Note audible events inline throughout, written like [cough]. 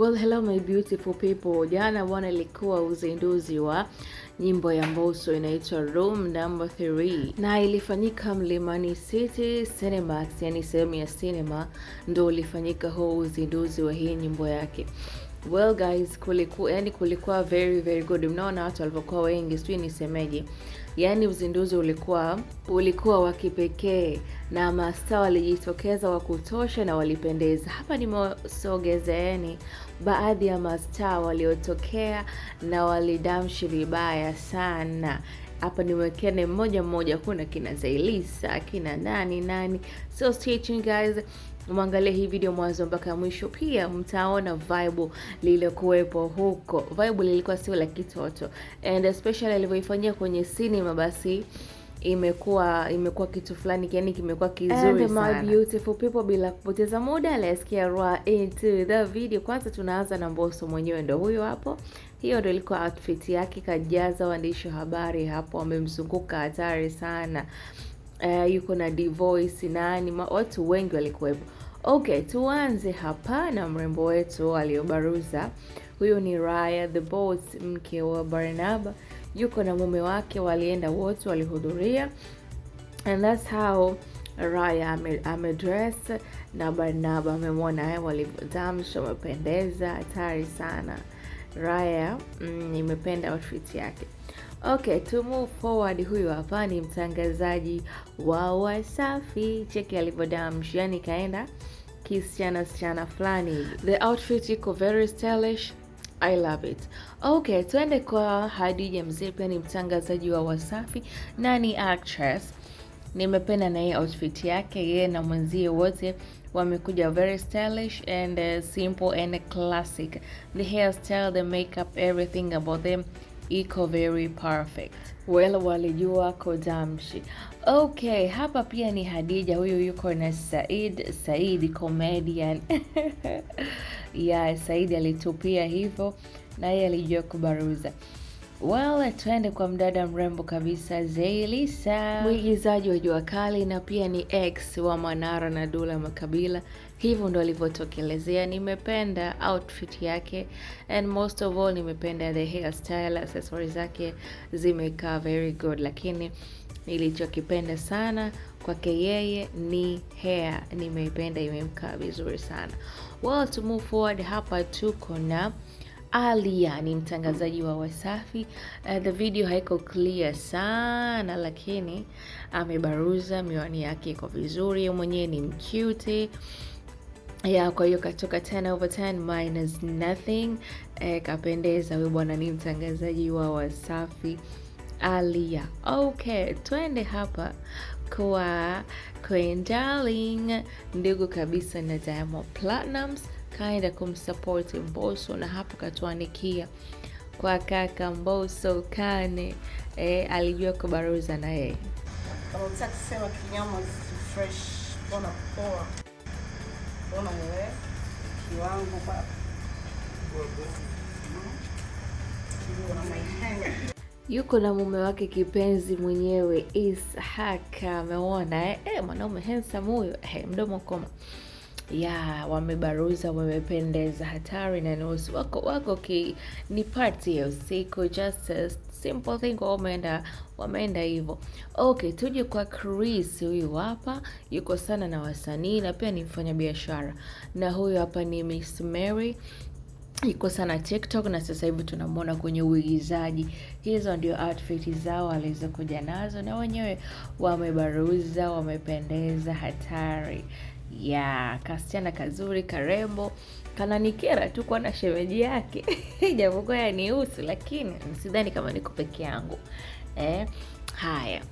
Well, hello my beautiful people. Jana bwana, ilikuwa uzinduzi wa nyimbo ya Mbosso inaitwa Room Number 3 na ilifanyika Mlimani City Cinemax, yani sehemu ya cinema ndo ulifanyika huo uzinduzi wa hii nyimbo yake. Well guys, kulikuwa yani kulikuwa very very good. Mnaona watu walivyokuwa wengi, sijui nisemeje Yaani uzinduzi ulikuwa ulikuwa wa kipekee na mastaa walijitokeza wa kutosha na walipendeza. Hapa nimesogezeeni baadhi ya mastaa waliotokea na walidamshi vibaya sana hapa ne mmoja mmoja, kuna kina Zailisa kina nani nani, so stitching guys, mwangalie hii video mwanzo mpaka mwisho. Pia mtaona vibe lililokuwepo huko, vibe lilikuwa sio la kitoto, and especially alivyoifanyia kwenye sinema basi imekuwa imekuwa kitu fulani, yani kimekuwa kizuri and sana. My beautiful people, bila kupoteza muda let's get right into the video. Kwanza tunaanza na Mbosso mwenyewe, ndo huyo hapo hiyo ndio ilikuwa outfit yake, kajaza waandishi wa habari hapo, wamemzunguka hatari sana. Uh, yuko na Dvoice nani, watu wengi walikuwepo. Okay, tuanze hapa na mrembo wetu aliyobaruza. Huyu ni Raya the Boss, mke wa Barnaba, yuko na mume wake, walienda wote walihudhuria, and that's how Raya amedress ame na Barnaba amemwona, eh, walivyotamsha wamependeza, hatari sana. Raya. Mm, nimependa outfit yake. Okay, to move forward, huyu hapa ni mtangazaji wa Wasafi. Cheki alivyodamshi, yani kaenda kisichana sichana fulani. The outfit iko very stylish. I love it. Okay, tuende kwa hadija Mzee, pia ni mtangazaji wa Wasafi na ni actress. Nimependa na hii outfit yake, yeye na mwenzie wote wamekuja very stylish and uh, simple and classic. The hairstyle, the makeup, everything about them iko very perfect. Well, walijua kodamshi. Okay, hapa pia ni Hadija, huyu yuko na Said, Said comedian ya [laughs] yeah, Said alitupia hivyo na yeye alijua kubaruza. Well, tuende kwa mdada mrembo kabisa Zaiylissa, mwigizaji wa Jua Kali na pia ni ex wa Manara na Dula Makabila. Hivyo ndo alivyotokelezea. Nimependa outfit yake and most of all nimependa the hairstyle, accessories zake zimekaa very good, lakini nilichokipenda sana kwake yeye ni hair, nimeipenda, imemkaa vizuri sana. Well, to move forward, hapa tuko na alia ni mtangazaji wa Wasafi. Uh, the video haiko clear sana, lakini amebaruza miwani yake iko vizuri, mwenyewe ni mcute ya kwa hiyo katoka 10 over 10 minus nothing. E, kapendeza huyo bwana, ni mtangazaji wa Wasafi alia Okay, twende hapa kwa Queen Darling, ndugu kabisa na Diamond Platnumz kaenda kumsupport Mbosso na hapo katuanikia kwa kaka Mbosso Kane e, alijua kubaruza na yeye yuko na mume wake kipenzi mwenyewe Ishaka. Ameona eh, eh, mwanaume handsome huyo eh, mdomo koma ya wamebaruza, wamependeza, hatari na nusu wako wako ki, ni party ya usiku, just a simple thing, wameenda wameenda hivyo. Okay, tuje kwa Chris. Huyu hapa yuko sana na wasanii na pia ni mfanyabiashara, na huyu hapa ni Miss Mary iko sana TikTok na sasa hivi tunamwona kwenye uigizaji. Hizo ndio outfit zao alizokuja nazo, na wenyewe wamebaruza, wamependeza hatari ya kasichana kazuri karembo kananikera tu kuwa na shemeji yake [laughs] japokuwa yanihusu, lakini sidhani kama niko peke yangu eh. Haya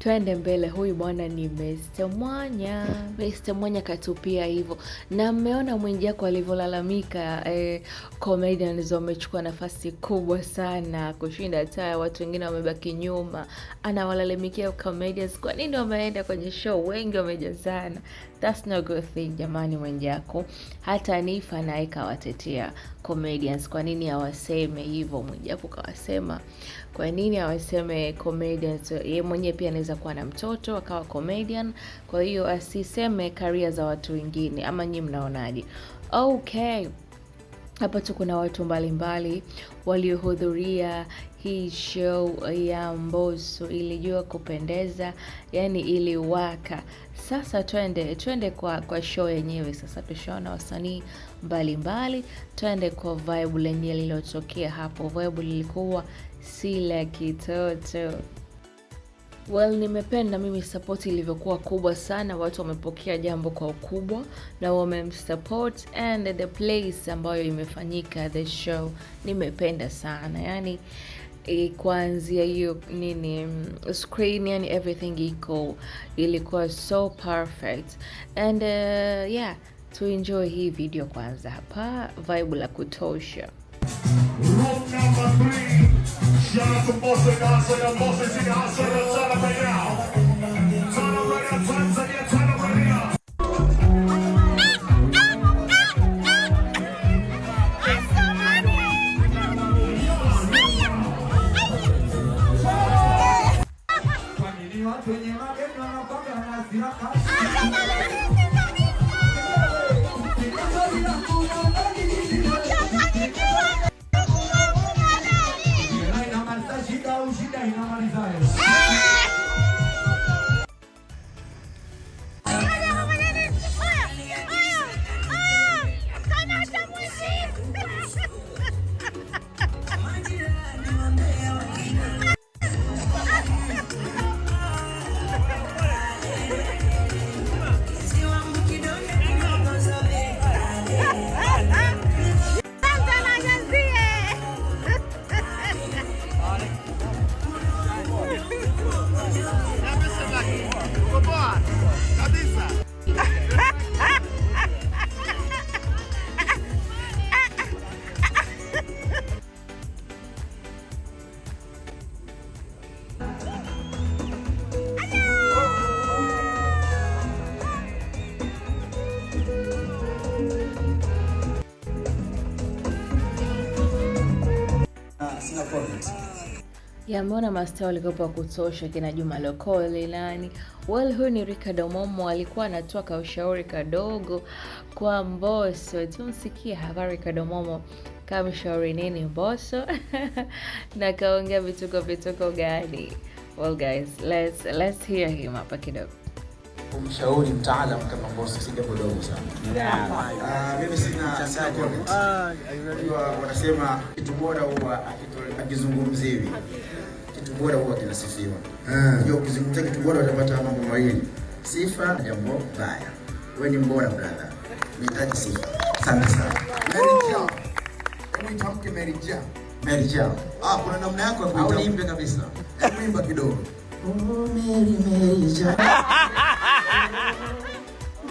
twende mbele. Huyu bwana ni Mr. Mwanya. Mr. Mwanya katupia hivyo, na mmeona Mwijaku alivyolalamika. Eh, comedians wamechukua nafasi kubwa sana kushinda Taya, watu wengine wamebaki nyuma. Anawalalamikia comedians, kwa nini wameenda kwenye show wengi wamejazana? That's no good thing jamani. Mwijaku hata Nifa naye kawatetea comedians, kwa nini hawaseme hivyo? Mwijaku kawasema, kwa nini hawaseme comedians? Yeye mwenyewe pia anaweza anaweza kuwa na mtoto akawa comedian, kwa hiyo asiseme eh, karia za watu wengine, ama nyinyi mnaonaje? Okay. Hapa tu kuna watu mbalimbali waliohudhuria hii show ya Mbosso, ilijua kupendeza, yani iliwaka. Sasa twende twende kwa kwa show yenyewe. Sasa tushaona wasanii mbalimbali, twende kwa vibe lenyewe lililotokea hapo. Vibe lilikuwa si la kitoto. Well, nimependa mimi support ilivyokuwa kubwa sana, watu wamepokea jambo kwa ukubwa na wamemsupport and the place ambayo imefanyika the show nimependa sana yani kuanzia hiyo nini screen, yani everything iko ilikuwa so perfect and uh, yeah enjoy hii video kwanza, hapa vibe la kutosha. number three. Siamo composte da soia, mosse si gassa, razzata per now. ya mbona mastaa walikuwepo wa kutosha kina Juma Lokole nani? Well, huyu ni Ricardo Momo alikuwa anatoa kaushauri kadogo kwa Mbosso. Tumsikie hapa Ricardo Momo kamshauri nini Mbosso [laughs] na kaongea vituko vituko gani? Well guys, let's let's hear him hapa kidogo. Kumshauri mtaalam kama Mbosso si jambo dogo sana. Ah, mimi sina ah, wanasema kitu bora huwa akizungumziwi kitu bora huwa kinasifiwa. Unajua ah. ukizungumzia kitu bora utapata mambo mawili. Sifa na jambo baya. Wewe ni mbora brother. Nahitaji sifa. Asante sana. Mary Jao. Hebu oh. itamke Mary Jo. Mary Jo. Ah, kuna namna yako ya kuita. Uimbe kabisa. Uimba kidogo. Oh, Mary Mary Jo. [laughs]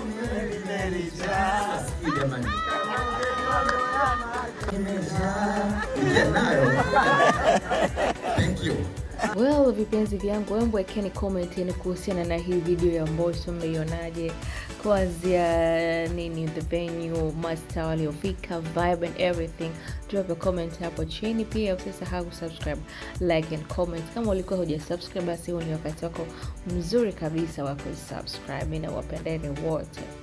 Mary Mary Jao. jamani. Thank you. Well, vipenzi vyangu, hebu wekeni comment ni kuhusiana na hii video ya Mbosso, mmeionaje? Kuanzia nini, the venue, masta waliofika, vibe and everything. Drop a comment hapo chini, pia usisahau kusubscribe, like and comment. Kama ulikuwa hujasubscribe, basi huu ni wakati wako mzuri kabisa wa kusubscribe. nawapendeni wote.